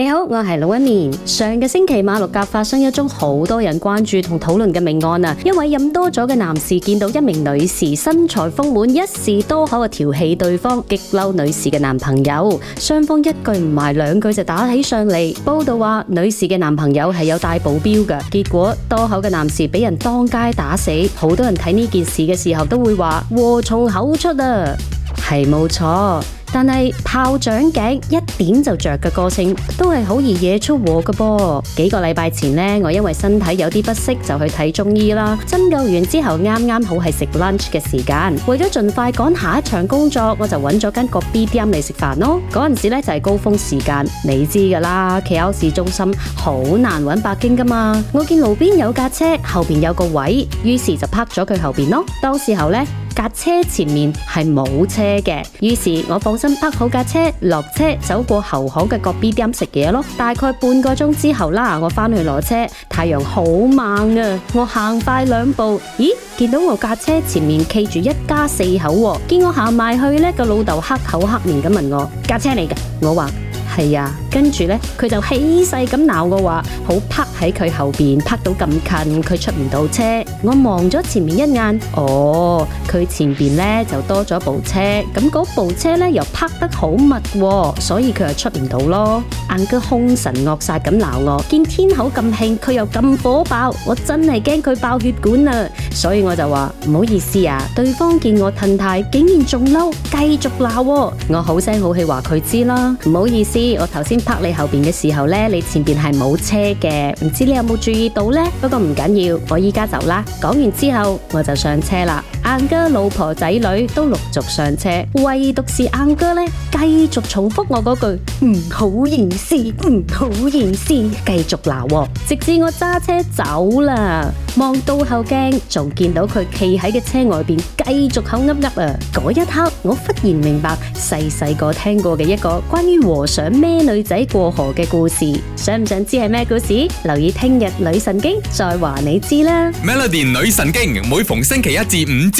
你好，我係老一面。上個星期，馬六甲發生一宗好多人關注同討論嘅命案啊！一位飲多咗嘅男士見到一名女士身材豐滿，一時多口啊調戲對方，激嬲女士嘅男朋友，雙方一句唔埋兩句就打起上嚟。報道話，女士嘅男朋友係有帶保鏢嘅，結果多口嘅男士俾人當街打死。好多人睇呢件事嘅時候都會話：禍從口出啊，係冇錯。但係炮仗頸一點就着嘅個性，都係好易惹出禍噶噃。幾個禮拜前呢，我因為身體有啲不適就去睇中醫啦。針灸完之後，啱啱好係食 lunch 嘅時間，為咗盡快趕下一場工作，我就揾咗間個 BDM 嚟食飯咯。嗰陣時咧就係、是、高峰時間，你知噶啦，企喺市中心好難揾北京噶嘛。我見路邊有架車後面有個位，於是就泊咗佢後面咯。當時候呢。架車前面係冇車嘅，於是我放心泊好架車，落車走過後巷嘅角 B 店食嘢咯。大概半個鐘之後啦，我返去攞車，太陽好猛啊，我行快兩步，咦，見到我架車前面企住一家四口、啊，見我行埋去咧，個老豆黑口黑面咁問我架車嚟㗎，我話。係啊，跟住咧，佢就起勢咁鬧我話，好泊喺佢後邊，泊到咁近，佢出唔到車。我望咗前面一眼，哦，佢前邊咧就多咗部車，咁嗰部車咧又泊得好密，哦，所以佢又出唔到咯。眼哥，哥兇神惡煞咁鬧我，見天口咁興，佢又咁火爆，我真係驚佢爆血管啊！所以我就話唔好意思啊。對方見我褪軚，竟然仲嬲，繼續鬧我，哦。我好聲好氣話佢知啦，唔好意思。我頭先拍你後面嘅時候咧，你前面係冇車嘅，唔知你有冇注意到呢？不過唔緊要，我依家走啦。講完之後，我就上車啦。阿哥老婆仔女都陸續上車，唯獨是阿哥呢，繼續重複我嗰句唔好意思，唔好意思，繼續鬧，直至我揸車走啦。望到後鏡，仲見到佢企喺嘅車外邊，繼續口噏噏啊！嗰一刻，我忽然明白細細個聽過嘅一個關於和尚孭女仔過河嘅故事。想唔想知係咩故事？留意聽日女神經再話你知啦。Melody 女神經每逢星期一至五。